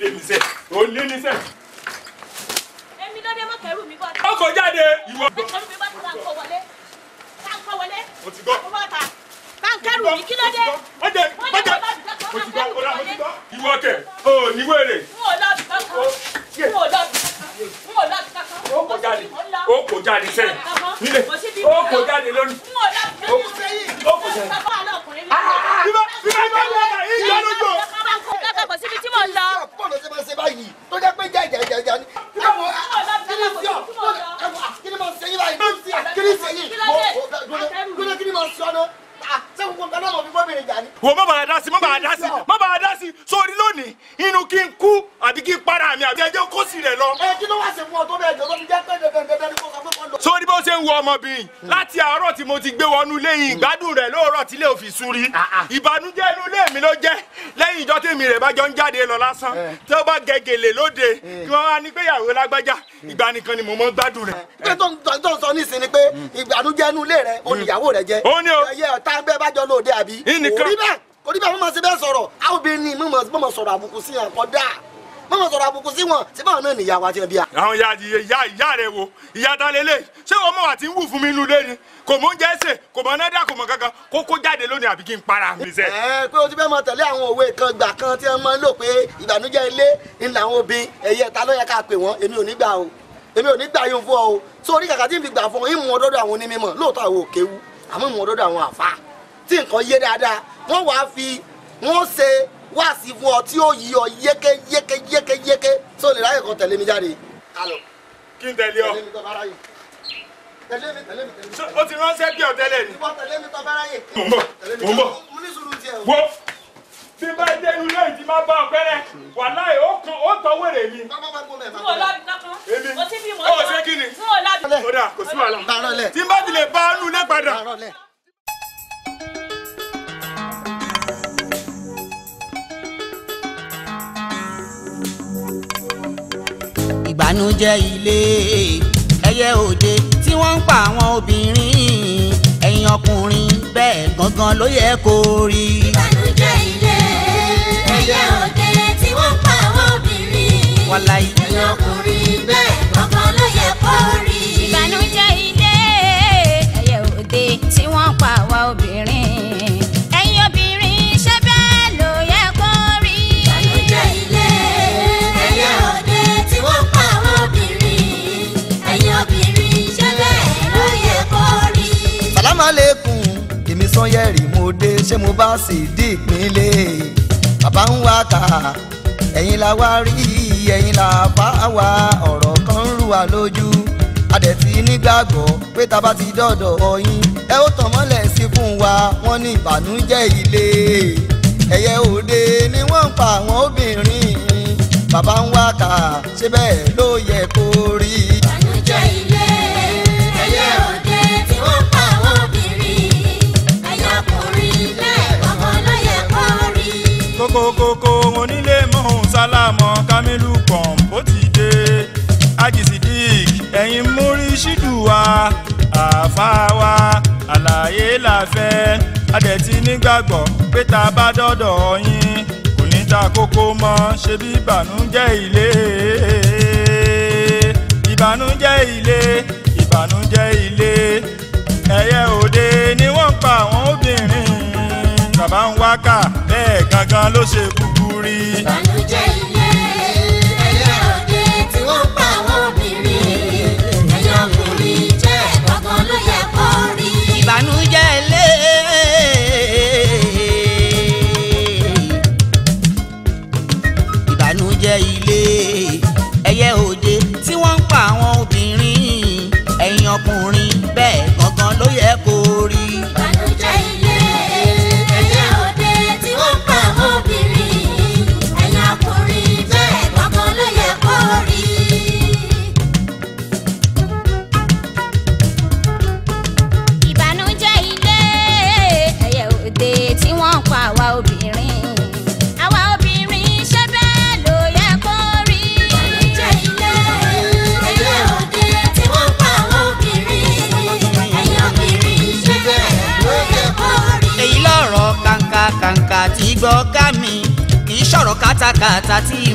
lé mi sẹ́ ó lé mi sẹ́. èmi ló dé mọ́ kẹrù mi bọ́. ọkọ̀ jáde ìwọ. kẹrù mi bá ti ra nǹkan wọlé ra nǹkan wọlé. mo ti gbọ́ mo bá ta bá ń kẹrù mi kí ló dé. wọ́n jẹ wọ́n jẹ mo ti gbọ́ mo lọ mo ti gbọ́. ìwọ kẹ o ní wèrè. n ò lọ bí kankan n ò lọ bí kankan n ò lọ bí kankan. ó kò jáde ó kò jáde sẹ́yìn nílé ó kò jáde lónìí. n ò lọ bí kankan ó kò jáde. bíbá bíbá bíbá ìyá lójó. kò síbi tí mo lọ báyìí tó jẹ́ pé jà jà jà jà ni. ẹwọ kìnìṣìọ ẹwọ kìnì máa ṣe yín báyìí kìnìṣìọ yìí gbọ́dọ̀ kìnì máa ṣọ náà wo má bàa dá sí má bàa dá sí má bàa dá sí sórí lónìí inú kí n kú àbí kí n para mi àbí ẹjẹ kó sì rẹ lọ. ẹ kí ló wá sí fún ọ tó bẹ jọ tó fi jẹ pé dandan ń wo ọmọbìnrin láti àárọ̀ tí mo ti gbé wọnú lẹ́yìn ìgbádùn rẹ̀ lóòrọ̀ tí lè òfin sun rí ah, ah. ìbànújẹ́ inú ilé mi ló jẹ́ lẹ́yìn ìjọ tèmi rẹ̀ bá jọ ń jáde lọ lásán eh. tí ó bá gẹ̀gẹ̀lẹ̀ lóde eh. kí wọ́n wá ní pé ìyàwó lágbájá eh. ìgbà nìkan ni mo mọ́ gbádùn rẹ̀. pé tó ń sọ nísìnyí ni pé hmm. ìbànújẹ́ inú ilé rẹ̀ olùyàwó hmm. rẹ̀ jẹ́ ẹ̀yẹ tá a bẹ́ẹ̀ bá jọ lóde àbí orí bẹ́ẹ̀ orí bẹ́ẹ̀ mo máa ṣe bẹ́ẹ̀ sọ̀rọ̀ àwọn obìnrin mi mo máa sọ̀rọ̀ àbùkù sí àkọ́dá mọ̀mọ́ sọ̀rọ̀ àbùkù sí wọn síbẹ̀ wọn náà nìyá wa ti bí a. àwọn ìyá ìyá ìyá rẹ wo ìyá ta lélẹ̀ ṣé ọmọ wa ti ń wù fún mi inú ilé ni kò mọ oúnjẹ ṣe kò mọ nádà kò mọ kankan kó kó jáde lónìí àbí kí n para mi sẹ. ẹ pé o ti fẹ́ mọ tẹ̀lé àwọn òwe kan gbà kan tí wọ́n máa ń lò pé ìbànújẹ́ ilé ń la àwọn obìnrin ẹ̀yẹ ta ló yẹ ká pè wọ́n èmi ò ní gbà o èmi ò ní gbà yín fún ọ o sórí kàkà tí n fi gbà fún ọ ìmú ọdọdọ àwọn onímọ̀ lóòótọ́ àwọn òkèwu àmọ́ ìmú ọdọdọ àwọn àfa tí nǹkan yé dáadáa wọ́n wàá fi wọ́n ṣe wá sí fún ọ tí ó yí ọ yéké yéké yéké yéké tó lè ráyè kan tẹ̀lé mi jáde. alo kí n tẹ̀lé ọ. tẹ̀lé mi tó bá ráyè. tẹ̀lé mi tẹ̀lé mi tẹ̀lé mi. o ti ránṣẹ́ bí ọ tẹ́lẹ̀ ni. ìwọ tẹ̀lé mi tó bá ráyè. mo ń bọ̀ mo ń bọ̀. mo ní sùúrù tiẹ̀ o. wo bí bá dé inú ilé ìdí máa bá ọ pẹ́rẹ́ wà láì ó kan ó tọ́ wèrè mi. n ò lábi kankan. èmi o ti bí mo tọ́. ọ̀ ṣé kí ni. n ò lábi. kódà kò sí wàhálà. tí n bá ti lè bá a nù lẹ́ padà. ìbànújẹ́ ilé ẹyẹ òde tí wọ́n ń pa àwọn obìnrin ẹ̀yin ọkùnrin bẹ́ẹ̀ gangan ló yẹ kó rí. ìbànújẹ́ ilé ẹyẹ òde tí wọ́n ń pa àwọn obìnrin ẹ̀yin ọkùnrin bẹ́ẹ̀ gangan ló yẹ kó rí. ìbànújẹ́ ilé ẹyẹ òde tí wọ́n ń pa àwa obìnrin. ṣé mo bá sì dí ìpínlẹ̀ bàbá ń wá kà ẹ̀yin la wá rí ẹ̀yin la bá wa ọ̀rọ̀ kan ń rú wa lójú adẹ̀tí nígbàgbọ́ pé ta bá ti dọ̀dọ̀ ọyìn ẹ ó tàn mọ́lẹ̀ sí fún wa wọ́n ní ìbànújẹ́ ilé ẹ̀yẹ òde ni wọ́n ń pa àwọn obìnrin bàbá ń wá kà ṣé bẹ́ẹ̀ ló yẹ kó rí. ìbànújẹ́ ilé. kókókókó onílé mọ́hún sálámọ̀ kamilu pọ̀npó ti dé ajisidik ẹ̀yin múrí ṣídùúwa àfáàwa àlàyé làfẹ́ adẹ̀tí nígbàgbọ́ pé tá a bá dọ́dọ̀ yín kò ní ta kókó mọ́ ṣe bí ìbànújẹ́ ilé ìbànújẹ́ ilé ìbànújẹ́ ilé ẹ̀yẹ òde ni wọ́n pa àwọn obìnrin bàbá ń wá gangan ló ṣe kúkú rí.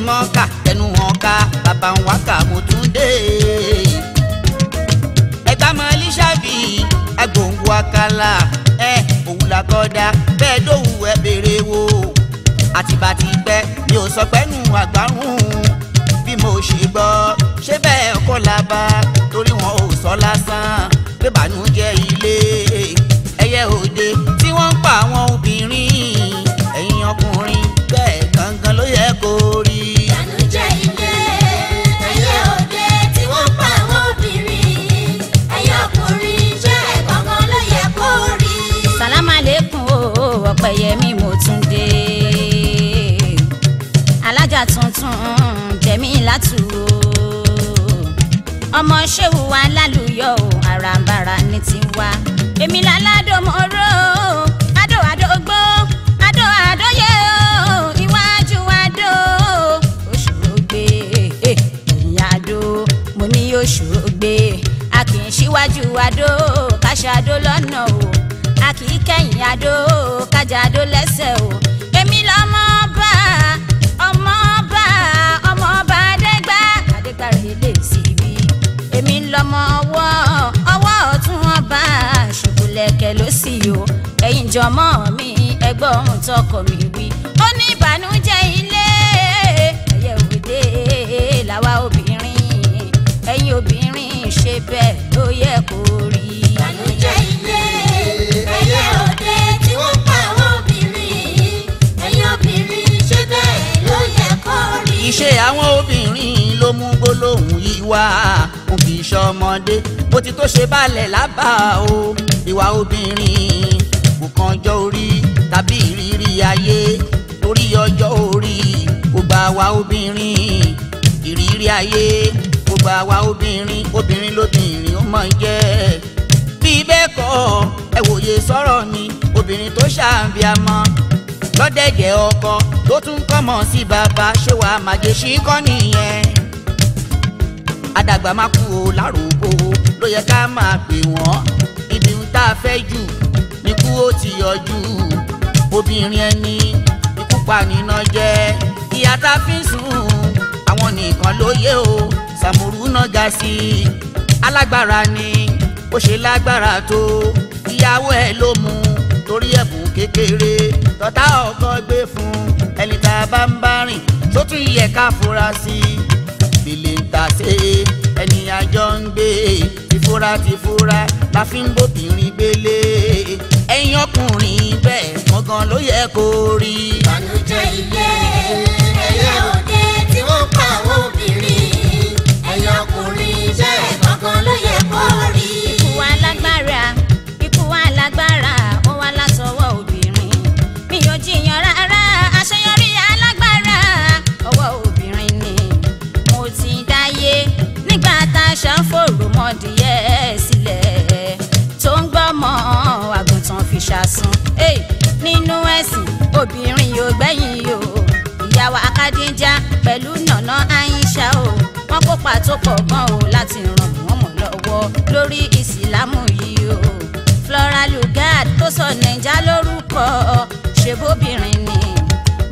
mọ́kà ẹnu hàn ká bàbá ń wákà mo tún dé. ẹ̀gbá mọ elíṣàbí agbóhùn akálà ẹ òun làkọ́dá bẹ́ẹ̀ dóhùn ẹ béèrè wo àtìbàtì pẹ́ mi ò sọ pẹ́nu àgbà ń jọmọ mi ẹgbọ́n tọkọ mi wí ó ní ìbànújẹ́ ilé ẹyẹ òde làwa obìnrin ẹ̀yin obìnrin ṣe bẹ́ẹ̀ ló yẹ kó rí. ìbànújẹ́ ilé ẹyẹ òde tí wọ́n pa àwọn obìnrin ẹ̀yin obìnrin ṣe bẹ́ẹ̀ ló yẹ kó rí. ìṣe àwọn obìnrin ló mú gbólóhùn yìí wá òkè ìṣọmọdé bó ti tó ṣe balẹ̀ lábàá o ìwà obìnrin àbùkù kan ọjọ́ orí tàbí ìrírí ayé torí ọjọ́ orí kò bá wa obìnrin ìrírí ayé kò bá wa obìnrin obìnrin lóbìnrin ó mọ̀ ń jẹ́ bí bẹ́ẹ̀ kọ́ ẹ wòye sọ̀rọ̀ ni obìnrin tó ṣàǹbíàmọ́ lọ́dẹ̀dẹ̀ ọkọ tó tún kọ́mọ sí bàbá ṣé wàá màjèṣí kọ́ nìyẹn àdàgbà má kú o lárúgbó ló yẹ ká máa pè wọ́n ibi ń tá a fẹ́ jù ikú ó ti yọjú obìnrin ẹni ikú paniná jẹ ìyá tá a fi sùn àwọn nìkan ló o Sàmúrù náà ga sí i alágbára ni ó ṣe lágbára tó ìyàwó ẹ ló mú torí ẹ̀bùn kékeré tọ́tá ọkọ gbé fún ẹni tá a bá ń bá rìn tó tún yẹ ká fura sí i bèlè ń ta ṣe ẹni àjọ ń gbé tìfura tìfura la fi ń bóbìnrin gbélé ẹ̀yin ọkùnrin bẹ́ẹ̀ gangan ló yẹ kó rí. ìbànújẹ́ ilé ẹyẹ òde tí wọ́n pa àwọn obìnrin ẹ̀yin ọkùnrin bẹ́ẹ̀ gangan ló yẹ kó rí. ikú wa lágbára ikú wa lágbára ó wá látọwọ́ obìnrin mi ò jiyàn rárá àṣeyọrí alágbára ọwọ́ obìnrin ni mo ti dáyé nígbà tá a ṣàǹfòrò mọ́dìyẹ sílẹ̀ tó ń gbọ́mọ àgbà ṣàṣàn fi ṣàṣàn nínú ẹ̀sìn obìnrin yóò gbẹ̀yìn o ìyàwó akadéjà pẹ̀lú nànà àyíṣà o wọ́n kópa tó pọ̀ gan o láti ràn wọ́n mọ̀ lọ́wọ́ lórí ìsìlámù yìí o Flora Lugard tó sọ nàìjà lórúkọ ṣebóbìnrin ni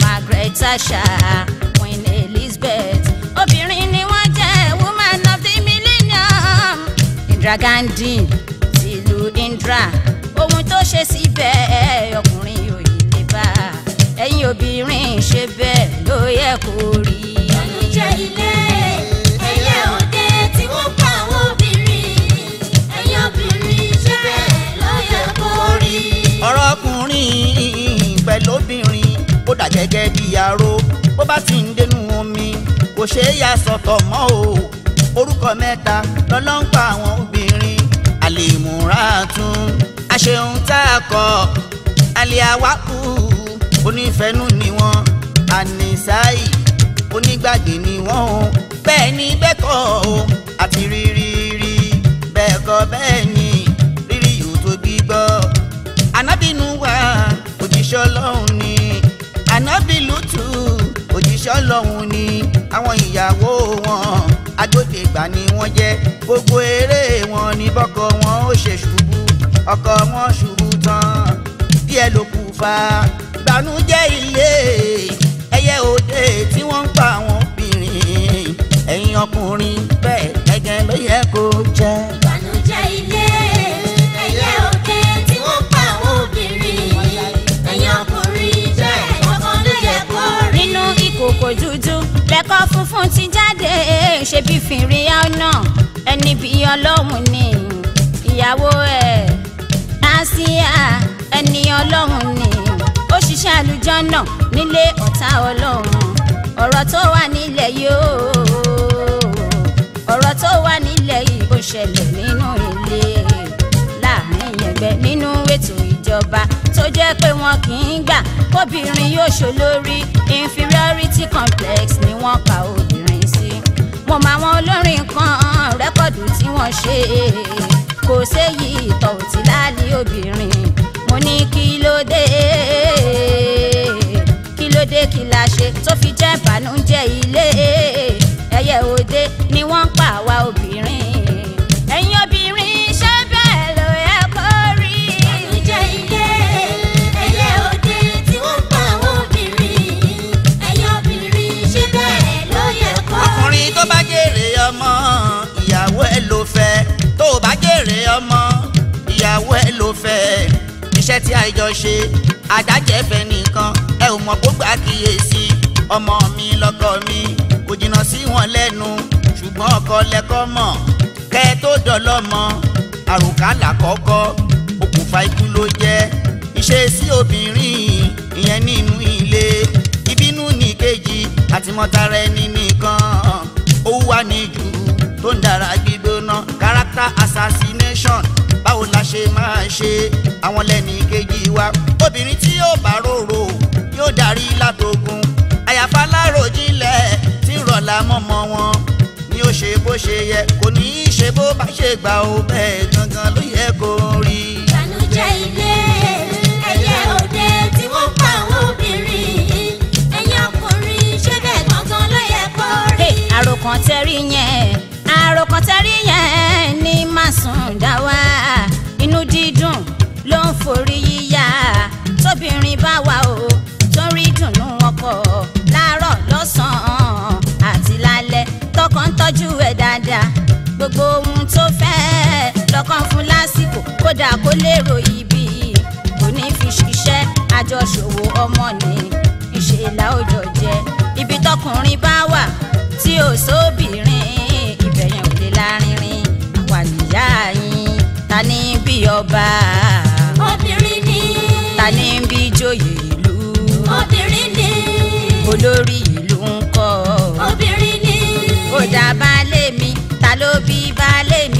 Margaret Thatcher Queen Elizabeth obìnrin ni wọ́n jẹ́ woman of the millennium Indra Gandhi tìlú Indra ohun tó ṣe síbẹ̀ ọkùnrin ò yí lè bá ẹ̀yin obìnrin ṣe bẹ́ẹ̀ ló yẹ kó rí. ìjẹ́ ilé ẹyẹ òde tí pa àwọn obìnrin ẹ̀yin obìnrin ṣe bẹ́ẹ̀ ló yẹ kó rí. ọ̀rọ̀ ọkùnrin pẹ̀lú obìnrin ó dà gẹ́gẹ́ bí aró bó bá sì ń dénú omi kò ṣeé yà sọ́tọ̀ mọ́ o orúkọ mẹ́ta lọ́lọ́ ń pa àwọn obìnrin àlè ìmúra tún àṣeun tá a kọ aliawaku onífẹ̀ẹ́nù ni wọ́n anisai onígbàgbé ni wọ́n o bẹ́ẹ̀ ni bẹ́ẹ̀ kọ́ o àti rírí rí bẹ́ẹ̀ kọ́ bẹ́ẹ̀ ni rírí yóò tó gbígbọ́ anábìnú wa òjíṣẹ́ ọlọ́run ni anábìlútù òjíṣẹ́ ọlọ́run ni àwọn ìyàwó wọn agbódegbà ni wọ́n jẹ́ gbogbo eré wọn ni bọ́kọ wọn ó ṣe ṣù ọkọ wọn ṣubú tán díẹ̀ ló kù fa gbanújẹ́ ilé ẹyẹ òde tí wọ́n ń pa àwọn obìnrin ẹ̀yin ọkùnrin bẹ́ẹ̀ gẹ́gẹ́ ló yẹ kó jẹ́. gbanújẹ́ ilé ẹyẹ òde tí wọ́n ń pa àwọn obìnrin ẹ̀yin ọkùnrin bẹ́ẹ̀ ọkàn ló yẹ kó rí. nínú ìkòkò dúdú lẹ́kọ́ funfun ti jáde ṣebí fìrí ọ̀nà ẹni bí ọlọ́run ni ìyàwó ẹ̀ àsíá ẹni ọlọ́run ni ó ṣiṣẹ́ àlùjọ́nà nílé ọ̀tá ọlọ́run ọ̀rọ̀ tó wà nílẹ̀ yóò ọ̀rọ̀ tó wà nílẹ̀ yìí ó ṣẹlẹ̀ nínú ilé láàrin ẹgbẹ́ nínú ètò ìjọba tó jẹ́ pé wọn kì í gbà kóbìnrin yóò ṣolórí inferiority complex ni wọ́n kà obìnrin sí mo mọ olórin kan rẹ́kọ̀dù tí wọ́n ṣe é. bànújẹ́ ilé ẹyẹ òde ni wọ́n pa àwa obìnrin ẹ̀yin obìnrin ṣé bẹ́ẹ̀ ló yẹ kó rí. bànújẹ́ ilé ẹyẹ òde tí wọ́n pa àwa obìnrin ẹ̀yin obìnrin ṣé bẹ́ẹ̀ ló yẹ kó rí. ọkùnrin tó iṣẹ́ tí àìjọ ṣe àdájẹ́fẹ́ nìkan ẹ ò mọ̀ kó gbà kíyèsí ọmọ mi lọ́kọ mi kò jìnnà sí wọn lẹ́nu ṣùgbọ́n ọkọ lẹ́kọ́ mọ̀ kẹ́ ẹ tó dọ̀lọ́mọ àrùkálà kọ́kọ́ okùnfà ikú ló jẹ́ ìṣe sí obìnrin ìyẹn nínú ilé ìbínú ní kejì àtìmọ́tara ẹni nìkan ó wà ní jù tó ń dára gbígbóná character assassination báwo la ṣe máa ṣe àwọn lẹ́ni kejì wa obìnrin tí yóò bá rorò yóò darí látò mọ́mọ́ wọn ni ó ṣe bó ṣe yẹ kò ní í ṣe bó bá ṣe gbà ó bẹ́ẹ̀ gangan ló yẹ kó rí. ìbànújẹ́ ilé ẹyẹ òde tí wọ́n pa àwọn obìnrin ẹ̀yìn ọkùnrin ṣé bẹ́ẹ̀ gangan ló yẹ kó rí. àròkàn tẹ́rí yẹn àròkàn tẹ́rí yẹn ní Másùndá wá inú dídùn ló ń forí yíyá tóbìnrin bá wà ó. tọ́jú ẹ̀ dáadáa gbogbo ohun tó fẹ́ lọ́kàn fún lásìkò kódà kó lérò ibi kò ní fi ṣiṣẹ́ àjọṣòwò ọmọ ní ìṣèlà òjò jẹ ibi tọkùnrin bá wà tí ò sóbìnrin ìbẹ̀yẹn ò lè lárinrin àwa nìyá yín ta ní bí ọba obìnrin ni ta ní bí joyè ìlú obìnrin ni olórí ìlú. Vale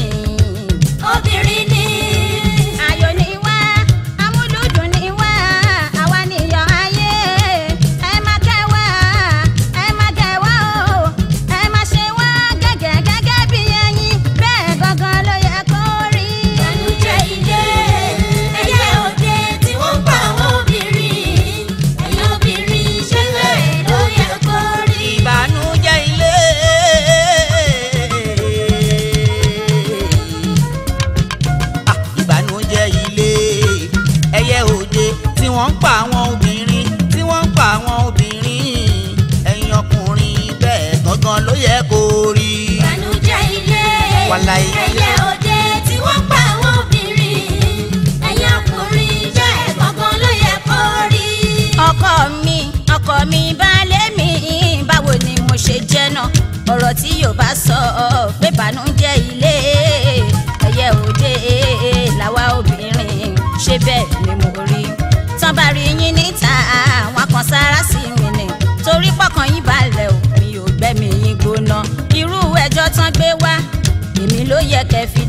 yẹ kẹ́ fi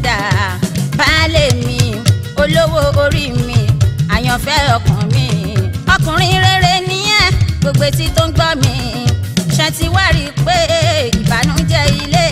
baálé mi olówó orí mi àyànfẹ́ ọkàn mi ọkùnrin rere nìyẹn gbogbo etí tó ń gbọ́ mi ṣe ti wá rí i pé ìbànújẹ́ ilé.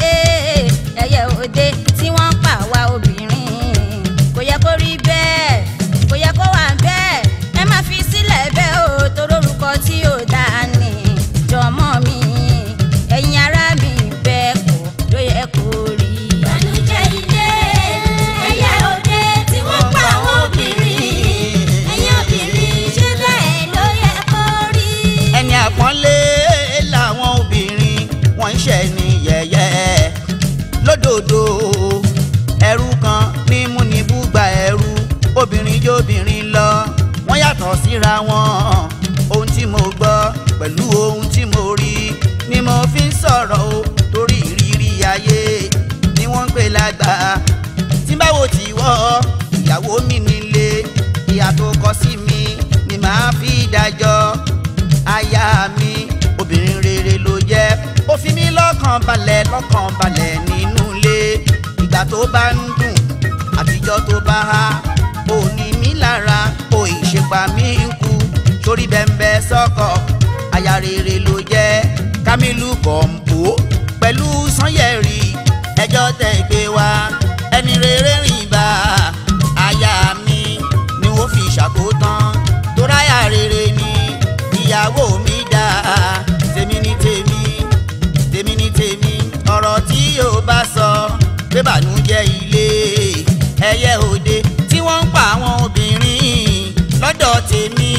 lọ́kàn balẹ̀ lọ́kàn balẹ̀ nínú ilé ìgbà tó bá ń dùn àtijọ́ tó bá há ò ní mí lára ò ìṣèpà mí ń kú sórí bẹ́ńbẹ́ sọ́kọ̀ aya rere ló jẹ́ Kamilu Kompo pẹ̀lú Sanyeri ẹjọ́ tẹ̀ gbé wá ẹni rere rìn bá aya mi ni wọ́n fi ṣàkótán tó ráyà rere ni ìyàwó mi. gbé bànújẹ́ ilé ẹyẹ òde tí wọ́n ń pa àwọn obìnrin lọ́dọ̀ tèmi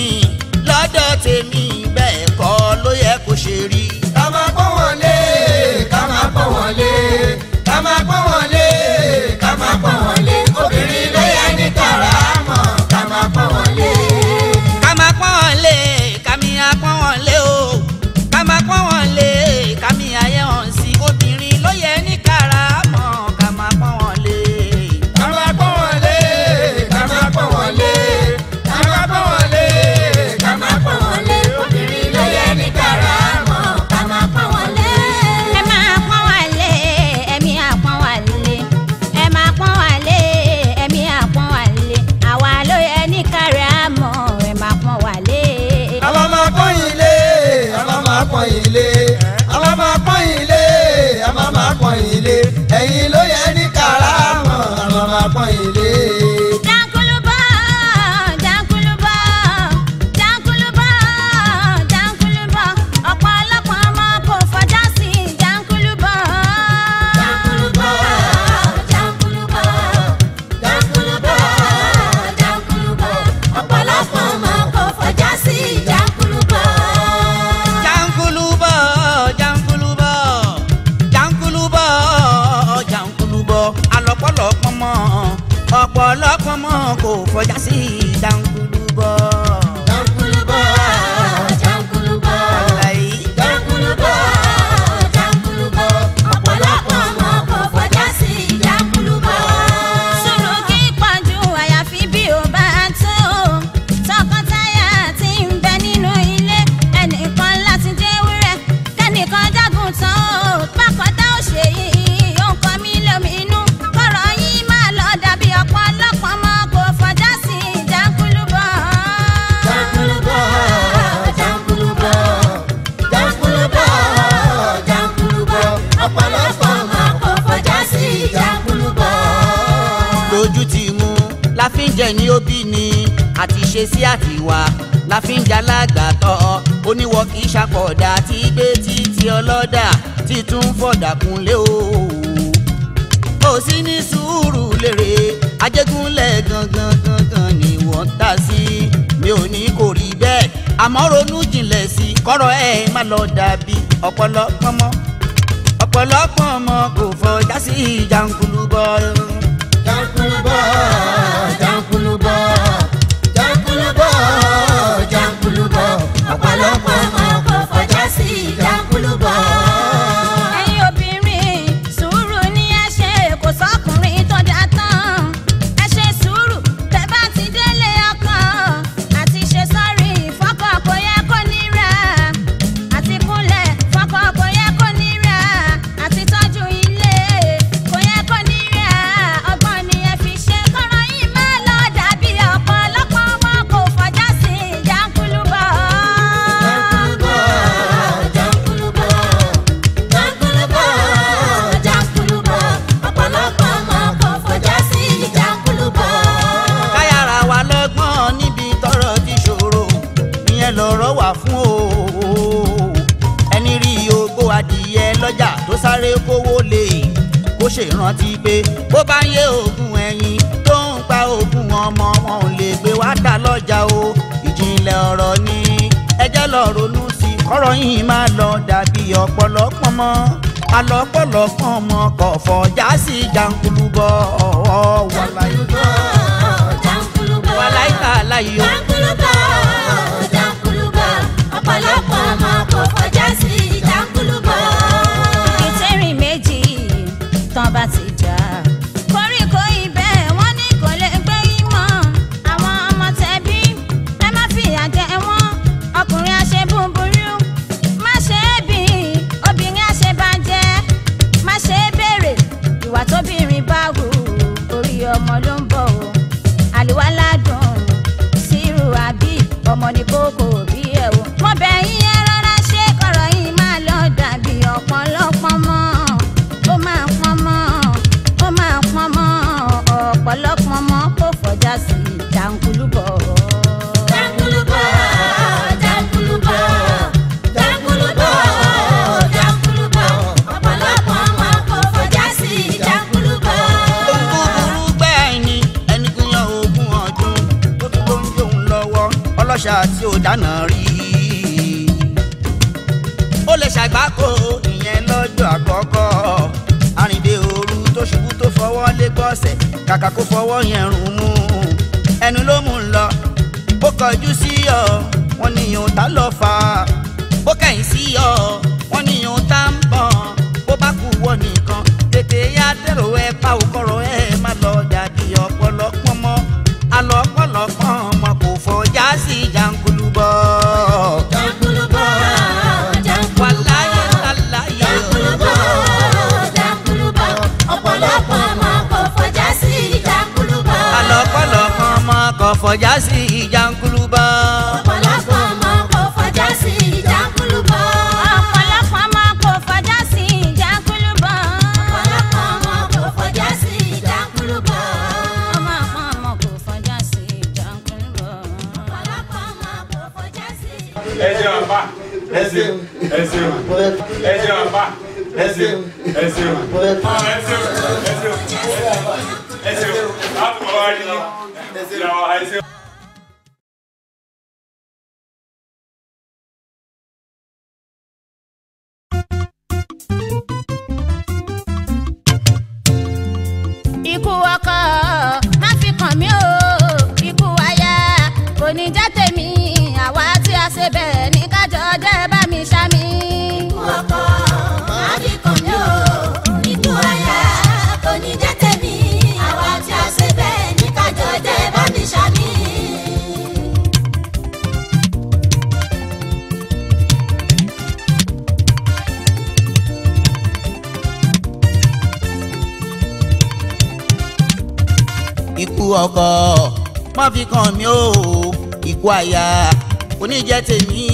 lọ́dọ̀ tèmi bẹ́ẹ̀ kọ́ ló yẹ kó ṣe rí. ká máa pọ́n wọn ká máa pọ́n wọn ká máa pọ́n wọn ká máa pọ́n wọn obìnrin lọ. ilé àwọn máa pọ́n ilé àwọn máa pọ́n ilé ẹ̀yin ló yẹ ní kàrá àwọn àwọn máa pọ́n ilé. alágbàtọ́ oníwọ kì í ṣàkọ̀dà tí gbé títí ọlọ́dà títún fọ̀dà kúnlé o. kò sí ní sùúrù lèrè ajégúnlẹ̀ gangan gangan ni wọ́n tà sí mi ò ní kò rí bẹ́ẹ̀ àmọ́ ronú jinlẹ̀ sí kọ́rọ̀ ẹ̀ má lọ dàbí ọ̀pọ̀lọpọ̀ mọ́ ọ̀pọ̀lọpọ̀ ọmọ kò fọjá sí ìjànkulúbọ. jànkulúbọ jànkulúbọ jànkulúbọ jankulu bọ̀ ọ̀pọ̀lọpọ̀ ọmọ kò fọjá ṣèrántí pé bó bá yé oògùn ẹyin tó ń pa oògùn ọmọ wọn ò lè gbé wá ta lọ́jà o ìjìnlẹ̀ ọ̀rọ̀ ni ẹ lọ ronú sí i kọ́rọ̀ yìí máa lọ dàbí ọ̀pọ̀lọpọ̀ mọ́ alọ́pọ̀lọpọ̀ mọ́ kọ̀ọ̀fọ̀ já sí bọ̀ ọ̀ọ́ òkú àyà oníjẹ́ tèmi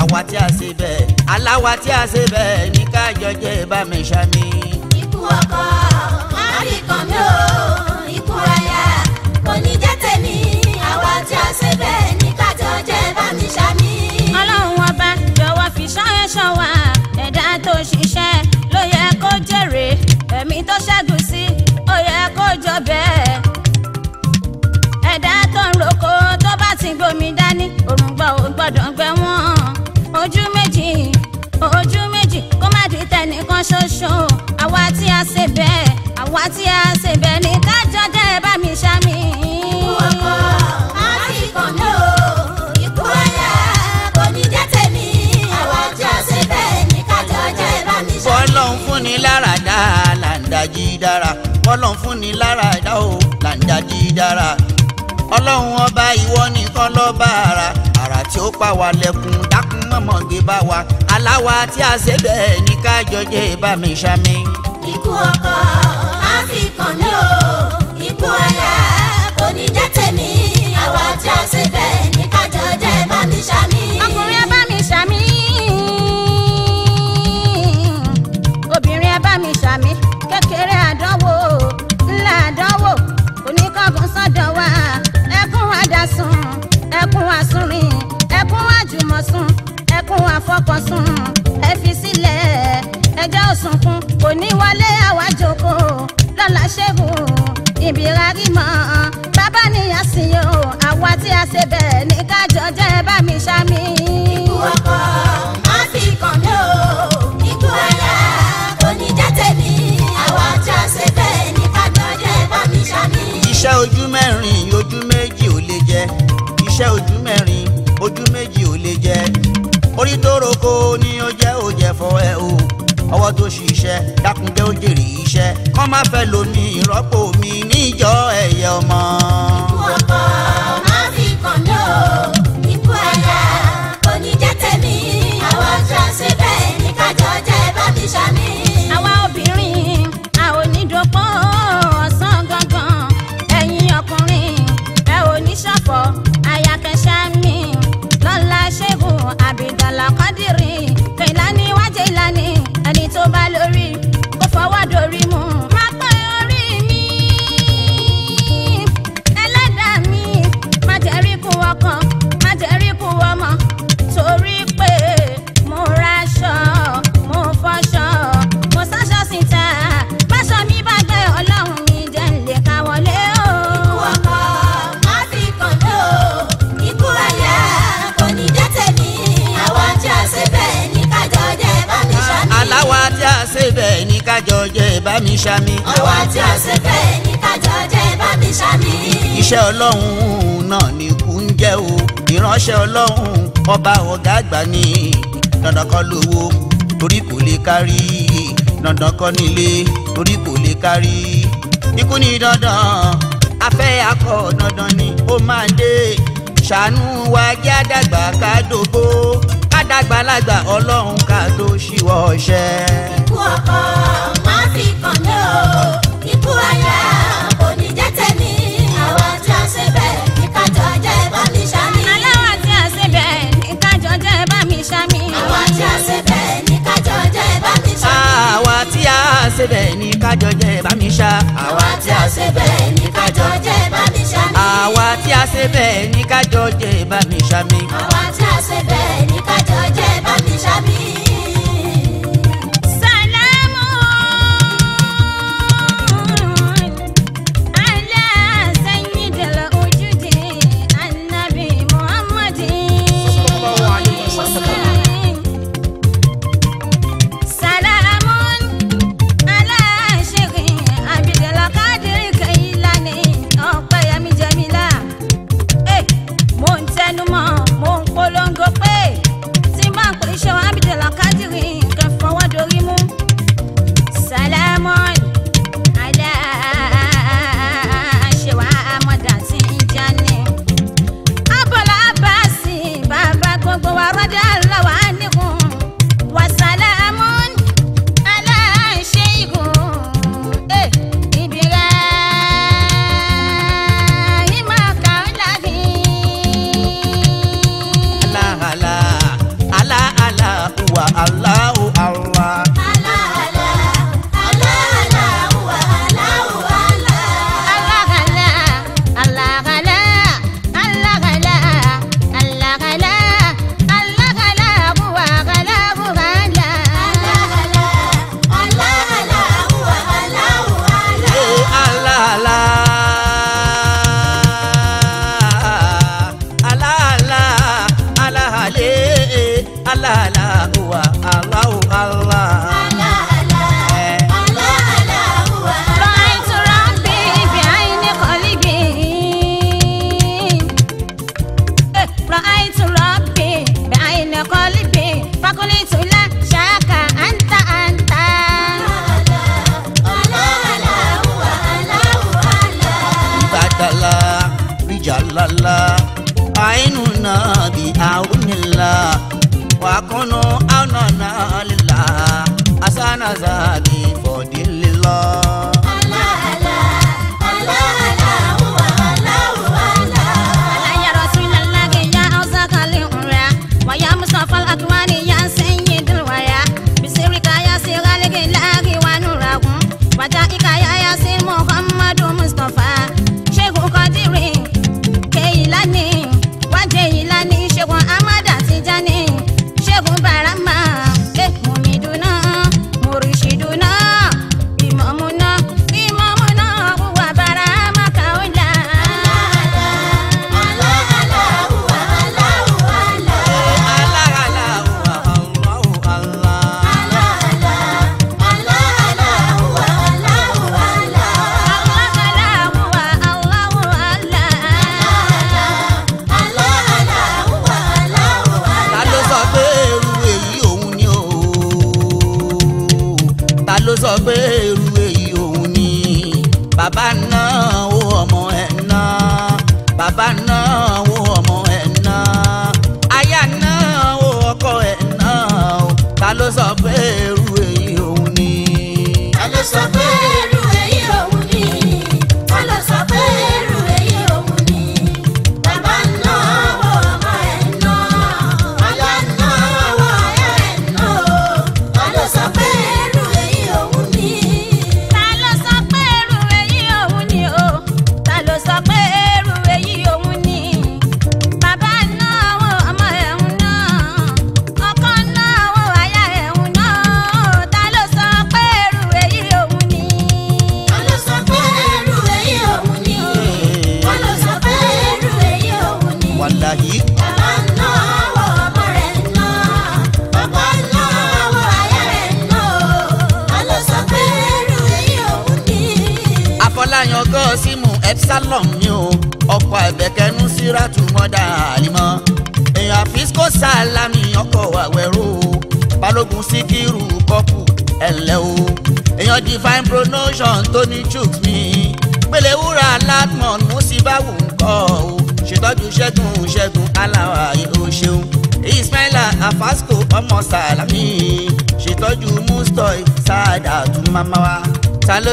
àwa tí a ṣe bẹ́ẹ̀ aláwa tí a ṣe bẹ́ẹ̀ ní kájọ jẹ́ bá mi ṣami. ikú ọkọ máa rí kan mi ò ikú àyà oníjẹ́ tèmi àwa tí a ṣe bẹ́ẹ̀ ní kájọ jẹ́ bá mi ṣami. ọlọ́run ọba jọ̀wọ́ fi ṣọ́ wa ẹ̀dá tó ṣiṣẹ́ ló yẹ kó jèrè ẹ̀mí tó ṣẹ́gun sí ó yẹ kó jọ bẹ́ẹ̀. ti gbómi dání òrùngbọ ò gbọ́dọ̀ gbẹ wọn ojú méjì ojú méjì kó má di tẹnìkan ṣoṣo àwa tí a ṣe bẹ́ẹ̀ àwa tí a ṣe bẹ́ẹ̀ ní kájọ mi ṣámi. ọkọ àti kọ̀ọ̀nù ikú jẹ́ bá mi ṣámi. bọ́lọ̀ ń fún ni lára dáa làǹdà jí dára bọ́lọ̀ ń làǹdà jí dára ọlọ́run ọba ìwọ nìkan lọ́ba àrà àrà tí ó pa wá lẹ́kùn dákun mọ̀mọ́ gbé bá wa aláwa tí a ṣe bẹ́ẹ̀ ní ká jọjẹ́ bá mi ṣami. ikú ọkọ á fi kàn mí o ikú aya kò ní jẹ́ tèmi àwa tí a ṣe bẹ́ẹ̀. àfọkànsùn ẹkún àfọkànsùn ẹ fi sílẹ̀ ẹjọ́ òsùnkún kò ní wálé àwa jókòó lọ́la ṣẹ́gun ìbíra rí mọ́ bàbá nìyà sí yó àwa tí a ṣe bẹ́ẹ̀ ní kájọ jẹ́ bá mi ṣámi. ikú ọkọ má fi kàn mí o ikú aya kò ní jẹ́ àwa tí a ṣe bẹ́ẹ̀ ní kájọ jẹ́ bá mi ṣámi. iṣẹ́ ojú mẹ́rin ojú méjì ò lè jẹ iṣẹ́ ojú. ṣiṣẹ́ dákúndé ó jèrè iṣẹ́ kọ́ má fẹ́ lóní ìrọ́pò mi níjọ́ ẹ̀yẹ ọmọ. ṣe bẹ́ẹ̀ ni kájọ jẹ́ bá mi ṣami. ọwọ́ tí ó ṣe bẹ́ẹ̀ ni kájọ jẹ́ bá mi ṣami. iṣẹ́ ọlọ́run náà ni kú ń jẹ́ o ìránṣẹ́ ọlọ́run ọba ọ̀gá àgbà ni dandan kọ́ lówó torí kò lè kárí dandan nílé torí kò lè kárí ikú ni dandan afẹ́ akọ dandan ni ó máa dé ṣàánú wa jẹ́ àdàgbà ká dàgbàlagbà ọlọ́run ká tó ṣíwọ́ ọṣẹ. ikú ọkọ má fi kàn mí o ikú aya kò ní jẹ́ tẹ̀mí àwa tí a ṣe bẹ́ẹ̀ ní kájọ jẹ́ bá mi ṣámi. aláwa tí a ṣe bẹ́ẹ̀ ní kájọ jẹ́ bá mi ṣámi. àwa tí a ṣe bẹ́ẹ̀ ní kájọ jẹ́ bá mi ṣámi. àwa tí a ṣe bẹ́ẹ̀ ní kájọ jẹ́ bá mi ṣá. àwa tí a ṣe bẹ́ẹ̀ ní kájọ jẹ́ bá mi ṣá. àwa tí a ṣe bẹ́ẹ̀ ní kájọ jẹ́ bá mi ṣá mi. àwa tí a ṣe bẹ́ẹ̀ ní kájọ. baby.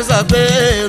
graças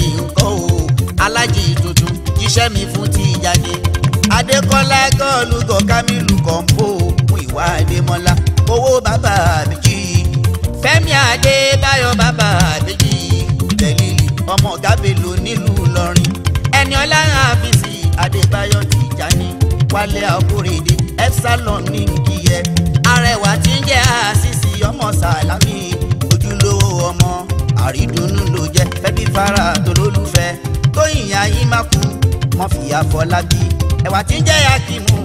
iṣẹ́ mi fún ti ìjáde adékọ́lá gọ́ọ̀lù gọ̀ kámílù kọ̀ǹpó fún ìwà adémọ́lá owó bàbá àbíjì fẹ́mi adébáyọ̀ bàbá àbíjì tẹ̀lílì e, ọmọ gábèlò nílùú lọ́rin ẹni ọlá àfìsì adébáyọ̀ tìjání wálé àkórèdè epsilon ní nkìyẹ arẹwà tí ń jẹ àṣìṣì ọmọ sàlámì ojúlówó ọmọ àrídùnnú ló jẹ fẹbí fara tó lólùfẹ́ tóyìn ayímákù mọ́fì àfọlábí ẹ̀wà tí ń jẹ́ akímù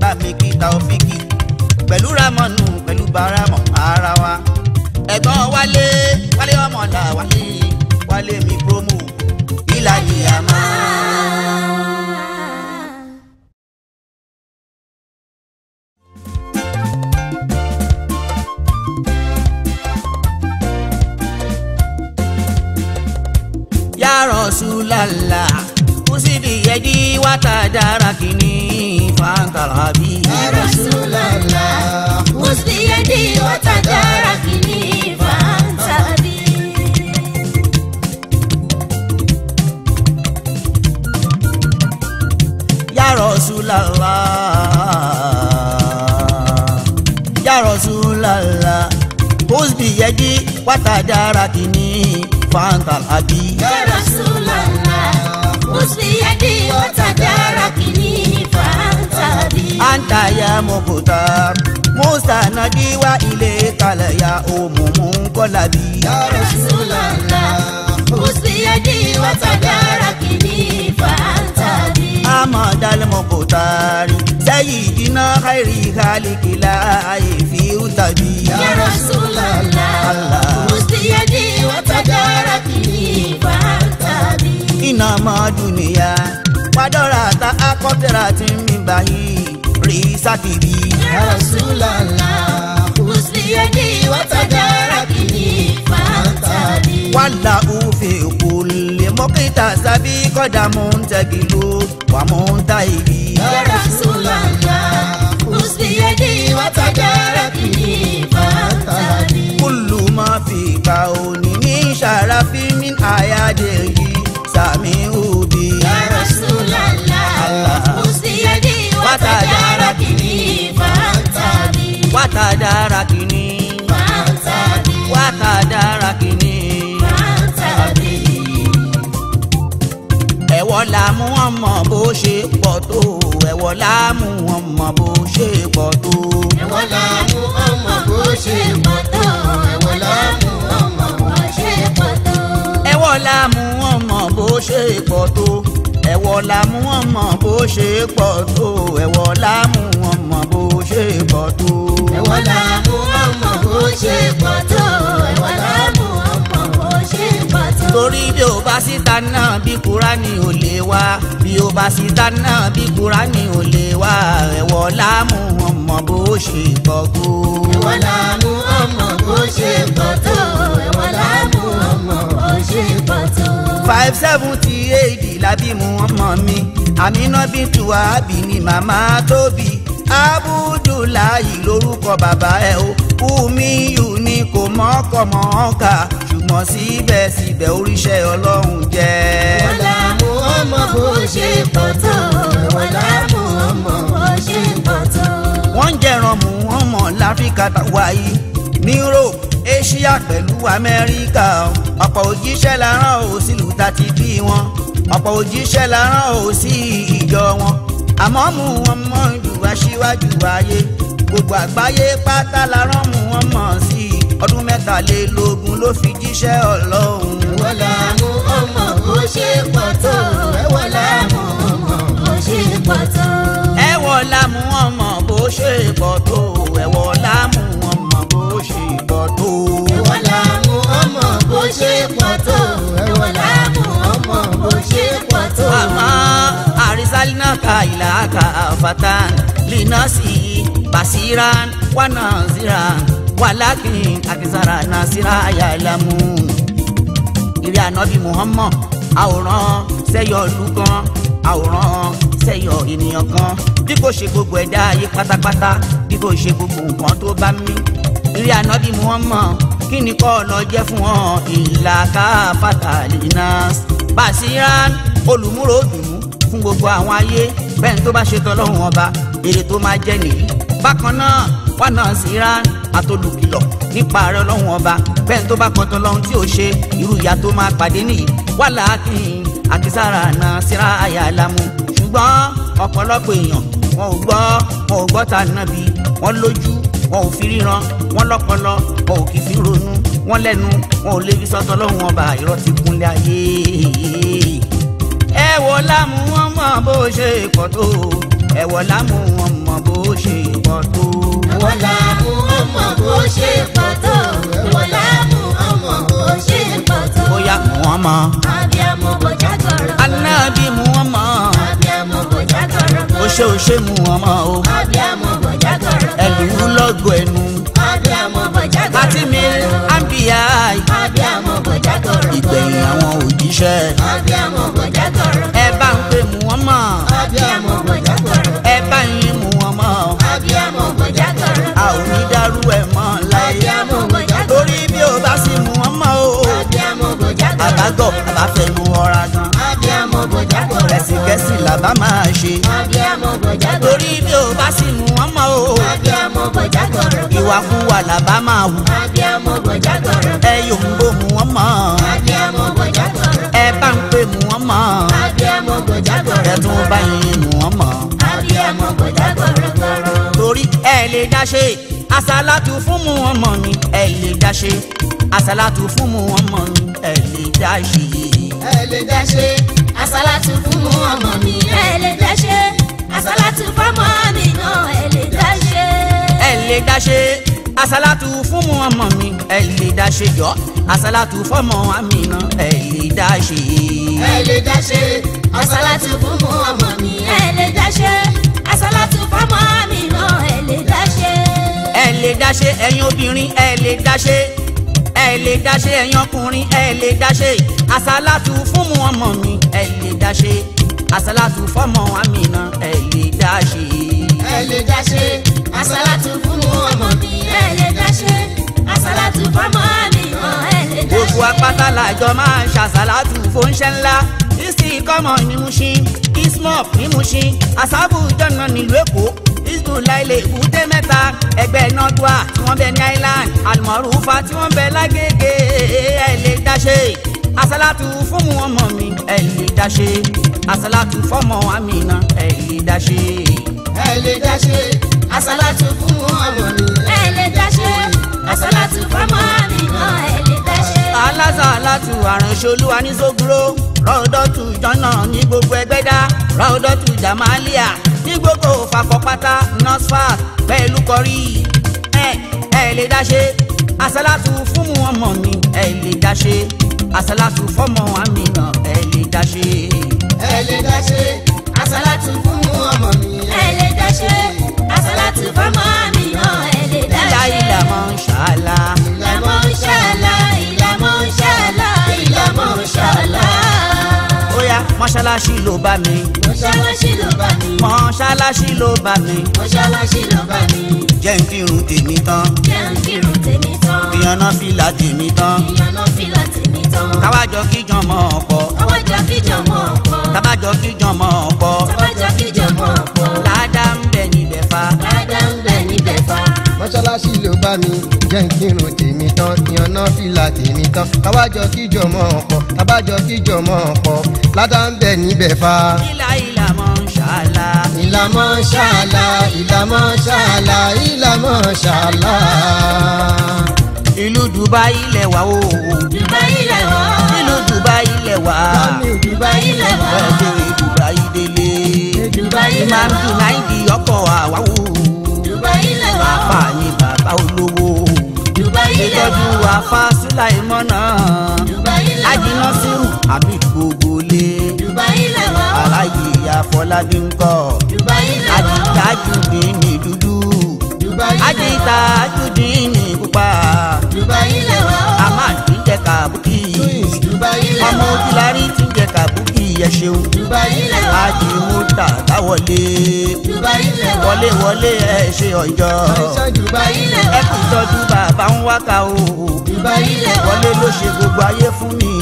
bá mi kíta òfìkì pẹ̀lú ramọ́nù pẹ̀lú baramọ̀ ara wa. ẹ̀gbọ́n wálé wálé ọmọ là wálé wálé mi promo ìlànà àmà. yàrá edi watadara kini fantalabi. ya Rasulallah musli edi watadara kini fantalabi. ya Rasulallah ya Rasulallah musli edi watadara kini fantalabi. ya Rasulallah. بيدي وتدارك فأنت بي أنت يا مختار مستندي وإليك يا أم منقلبي يا رسول الله خذ بيدي وتداركني فأنت بي أمد المختار سيدنا خير خالق لا في تبي يا رسول الله خذ بيدي وتداركني فأنت ina ma duniya padora ta akọtẹra ti ń mi báyìí rí sákìrì. ya Rasulallah usliyadi watajarakini fantani. wàlà òfin kò lè mọ́kítà sábì kọ́dà mò ń tẹ̀gì ló wà mò ń ta ìbí. ya Rasulallah usliyadi watajarakini fantani. kúlù máa fi ìgbà òní ní sàràfin ní àyájẹ́ yìí mi ubi. Ya Rasulallah, Musdiyadi kini fantabi. kini fantabi. kini fantabi. Ẹ̀wọ̀ la mú ọmọ bó ṣe pọ̀ tó. Ẹ̀wọ̀ la mú ọmọ ọmọ ẹ̀wọ́ la mú wọn mọ̀ bó ṣe pọ̀ tó ẹ̀wọ́ la mú wọn mọ̀ bó ṣe pọ̀ tó ẹ̀wọ́ la mú wọn mọ̀ bó ṣe pọ̀ tó. ẹ̀wọ́ la mú wọn mọ̀ bó ṣe pọ̀ tó ẹ̀wọ́ la mú torí bí o bá síta náà bí Kúránì ò lè wá bí o bá síta náà bí Kúránì ò lè wá ẹ̀wọ̀ láàmú ọmọ bó ṣe pọ̀ ẹ̀wọ̀ láàmú ọmọ bó ṣe pọ̀ ẹ̀wọ̀ láàmú ọmọ bó ṣe pọ̀ five seventy eight làbí mu ọmọ mi Àmínà bíntu Wàhábì ni màmá tóbi Abudulayi lórúkọ bàbá ẹ o Wùmí yù ni kò mọ́kọ̀mọ́ka ṣùgbọ́n síbẹ̀síbẹ̀ oríṣẹ́ ọlọ́run jẹ́. wọ́n là mú ọmọ bó ṣe pọ̀ tó wọ́n là mú ọmọ bó ṣe pọ̀ tó. wọ́n ń jẹran mú ọmọ láfíríkà tàwa yìí ní Europe Asia pẹ̀lú Amẹ́ríkà ọ̀pọ̀ òjíṣẹ́ la rán ò sílùú ta ti bí wọn ọ̀pọ̀ òjíṣẹ́ la rán ò sí ìjọ wọn àmọ́ mú wọn mọ́ ìlú aṣíwájú ayé gbogbo àgbáyé pátá la rán mú wọn mọ̀ sí i ọdún mẹ́tàlélógún ló fi jíṣẹ́ ọlọ́run. wọ́n là mú ọmọ bó ṣe pọ̀ tó wọ́n là mú ọmọ bó ṣe pọ̀ tó. ẹ là mú ọmọ bó ṣe pọ̀ tó ẹ là mú ọmọ bó ṣe pọ̀ tó. ẹ là mú ọmọ bó ṣe pọ̀ tó ẹ là mú ọmọ bó ṣe pọ̀ tó. àmọ́ àrísálínà ka ìlà ka fatan linasi basiran wanaziran walakin akisara nasira ayalamu ìrì ànábì muhammad àwòrán sẹ́yọ̀ ọdún kan àwòrán sẹ́yọ̀ ènìyàn kan bí kò ṣe gbogbo ẹ̀dá ayé pátápátá bí kò ṣe gbogbo nǹkan tó bá mí ìrì ànábì muhammad kí ni kọ́ ọ̀nà jẹ́ fún ọ ìlà káfàtà linas basiran olùmúrò dùnú fún gbogbo àwọn ayé bẹ́ẹ̀ ni tó bá ṣe tọ́lọ́hún ọba èrè tó máa jẹ́ nìyí bákan náà fánàsíra àtolùkìlọ̀ nípa ààrẹ ọlọ́run ọba bẹ́ẹ̀ tó bá kọ́tọ́ lọ́hún tí ò ṣe irú ìyá tó máa pàdé nìyí wàhálà kìín àkísára náà síra àyà lámú ṣùgbọ́n ọ̀pọ̀lọpọ̀ èèyàn wọn ò gbọ́ wọn ò gbọ́ ta nàbí wọn lójú wọn ò fi ríran wọn lọ́pọlọ wọn ò kì í fi ronú wọn lẹ́nu wọn ò lè fi sọ́tọ̀ lọ́hùn ọba irọ́ ti kúnlẹ̀ ayé. ẹ wọ lámú wọn mọ bó ṣe pọ̀ mọ̀ bó ṣe pọ̀ tó. àwọn làmú ọmọ bó ṣe pọ̀ tó. àwọn làmú ọmọ bó ṣe pọ̀ tó. bóyá wọ́n mọ̀. abiyamọ bọjá tọrọ. aláàbí mu wọn mọ̀. abiyamọ bọjá tọrọ. oṣooṣe mu wọn mọ̀ o. abiyamọ bọjá tọrọ. ẹlú lọgọ ẹnu gbọ́ àbá fẹnu ọ̀ra gan. abiyamọ bòjá kò rọ̀. kẹsìkẹsì làbá máa ṣe. abiyamọ bòjá kò rọ̀. torí bí o bá sì mú ọmọ o. abiyamọ bòjá kò rọ̀. ìwàkuwà làbá máa wù. abiyamọ bòjá kò rọ̀. ẹ yóò ń bò mú ọmọ. abiyamọ bòjá kò rọ̀. ẹ bá ń pè mú ọmọ. abiyamọ bòjá kò rọ̀. ẹ tún bá yín mú ọmọ. abiyamọ bòjá kò rọ̀ ẹ lè dá ṣe àsálàtù fún mu ọmọ mi ẹ lè dá ṣe àsálàtù fún mu ọmọ mi ẹ lè dá ṣe. ẹ lè dá ṣe àsálàtù fún mu ọmọ mi ẹ lè dá ṣe àsálàtù fọmọ mi náà ẹ lè dá ẹ lè dá ṣe fún mu ọmọ mi ẹ lè dá ṣe jọ àsálàtù fọmọ mi náà ẹ lè dá ẹ lè dá ṣe fún mu ọmọ mi ẹ lè dá lè dáṣe ẹ̀yin obìnrin ẹ lè dáṣe ẹ lè dáṣe ẹ̀yin ọkùnrin ẹ lè dáṣe àsálàtù fún mu ọmọ mi ẹ lè dáṣe àsálàtù fọmọ àmìnà ẹ lè dáṣe. ẹ lè dáṣe àsálàtù fún mu ọmọ mi ẹ lè dáṣe àsálàtù fọmọ gbogbo apáta làjọ máa ń ṣàṣàlátù fóúnṣẹ́ ńlá isi kọ́mọ ní Mushin ismop ní Mushin asabu jọ̀nà nílùú èkó isbulaile èbúté mẹ́ta ẹgbẹ́ nọ́dúà tí wọ́n bẹ ní island almọ̀rúfa tí wọ́n bẹ lágége ẹ lè dáṣe asalatu fún mu ọmọ mi ẹ lè dáṣe asalatu fọmọ amina ẹ lè dáṣe. ẹ lè dáṣe asalatu fún ọmọ mi ẹ lè dáṣe asalatu fọmọ amina ẹ alasa láti àrùnṣolú anísógúró rọ́ọ̀dọ́tù jọ́nà ní gbogbo ẹgbẹ́dá rọ́ọ̀dọ́tù jamalia ní gbogbo fàkọ́pátá nọ́sfàt pẹ̀lú kọrí ẹ ẹ lè dáṣe àṣàlátù fún ọmọ mi ẹ lè dáṣe àṣàlátù fọmọ àmì náà ẹ lè dáṣe. ẹ lè dáṣe àṣàlátù fún ọmọ mi ẹ lè dáṣe àṣàlátù fọmọ àmì náà ẹ lè dáṣe. ìlà ìlà mọ̀ ń ṣàlà. ìlà mọ̀ ń ṣàlà mọ́ṣálá ìyá mọ́ṣálá. ó yá mọ́ṣáláṣí ló bá mi. mọ́ṣáláṣí ló bá mi. mọ́ṣáláṣí ló bá mi. mọ́ṣáláṣí ló bá mi. jẹ́ n kírun tèmi tán. jẹ́ n kírun tèmi tán. ìyànà fìlà tèmi tán. ìyànà fìlà tèmi tán. káwájọ kíjọ mọ́ ọ̀pọ̀. káwájọ kíjọ mọ́ ọ̀pọ̀. bá mi jẹ́ kírun tèmi tán yànnà fìlà tèmi tán tabájọ kíjọ mọ́ ọ̀pọ̀ tabájọ kíjọ mọ́ ọ̀pọ̀ ládà ń bẹ̀ níbẹ̀ fa. ìlà ìlà mọ̀ ń ṣàlà. ìlà mọ̀ ń ṣàlà ìlà mọ̀ ń ṣàlà ìlà mọ̀ ń ṣàlà. ìlú Dubai ilẹ̀ wa o. Dubai ilẹ̀ wa. ìlú Dubai ilẹ̀ wa. Dubai ilẹ̀ wa. ọjọ́ Dubai délé. Dubai ilẹ̀ wa. ìmàmù náírà ọkọ̀ àwáwò. Dubai ilẹ̀ wa. fààyè bàbá olówó. ìtọ́jú àfa sílà ìmọ̀nà. àjìnà sírù àbí gbogbo lé. aláyè àfọlábí ń kọ́. àjìtà jùdí ní dúdú. àjìtà jùdí ní pupa. àmàlí jẹ kàbùkì. ọmọ ojúlárí ti jẹ kàbùkì ẹ ṣeun. ajì mú tà táwọlé. wọlé wọlé ẹ ṣe ọjọ́. ẹ kì í tọ́jú bàbá ń wákà o. wọlé ló ṣe gbogbo ayé fún mi.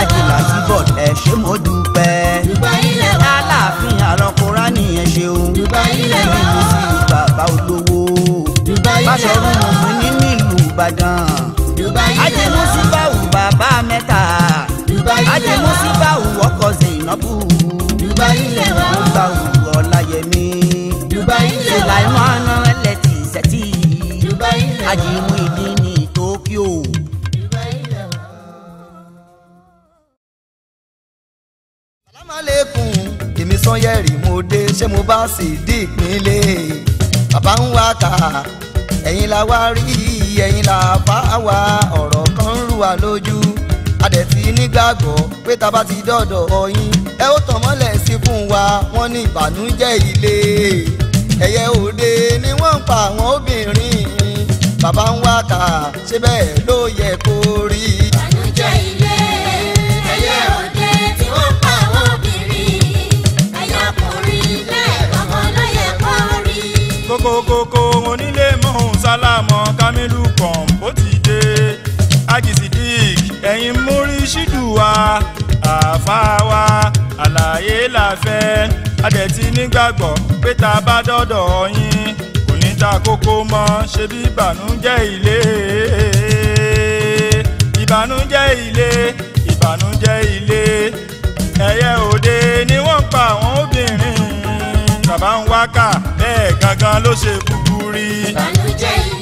ajìlá síbọ̀ ẹ ṣe mo dúpẹ́. aláàfin àrọ̀kúnrá ni ẹ ṣeun. ìlú sí bàbá olówó. báṣọ̀rùn mùsùlùmí nílùú Ìbàdàn. ajì mú sí báwù bàbá ilé wa. mo sì bá òwò ọkọ̀ Zainabu. Dubai ilé wa. mo bá òwò Ọláyẹmí. Dubai ilé wa. Sulaimana ẹlẹ́tì sẹ́tì. Dubai ilé wa. àjìmú ìdí ní Tokyo. Dubai ilé wa. Salaam alaikum èmi Sanyẹ̀rì mo dé ṣé mo bá sì dí ìpínlẹ̀ bàbá ń wá kà ẹ̀yin la wá rí ẹ̀yin la bá wá ọ̀rọ̀ kan ń rú wa lójú dẹ̀ ti nígbàgbọ́ pé ta bá ti dọ̀dọ̀ ọyìn ẹ ó tàn mọ́lẹ̀ sí fún wa wọ́n ní ìbànújẹ́ ilé ẹ̀yẹ òde ni wọ́n ń pa àwọn obìnrin bàbá ń wá kà ṣe bẹ́ẹ̀ ló yẹ kó rí. ìbànújẹ́ ilé ẹ̀yẹ òde tí wọ́n pa àwọn obìnrin ẹ̀yà kò rí bẹ́ẹ̀ lọ́mọ ló yẹ kó rí. kókó kókó onílé mọ̀ọ́n sálámọ̀ kámẹ́lù kàn olúwa àfa wa àlàyé la fẹ́ adẹ̀tí nígbàgbọ́ pé tá a bá dọ́dọ̀ yín kò ní ta kókó mọ́ ṣe bí ìbànújẹ́ ilé ìbànújẹ́ ilé ìbànújẹ́ ilé ẹ̀yẹ òde ni wọ́n pa àwọn obìnrin tàbá ń wákà bẹ́ẹ̀ gangan ló ṣe kúkú rí. ìbànújẹ́ ilé.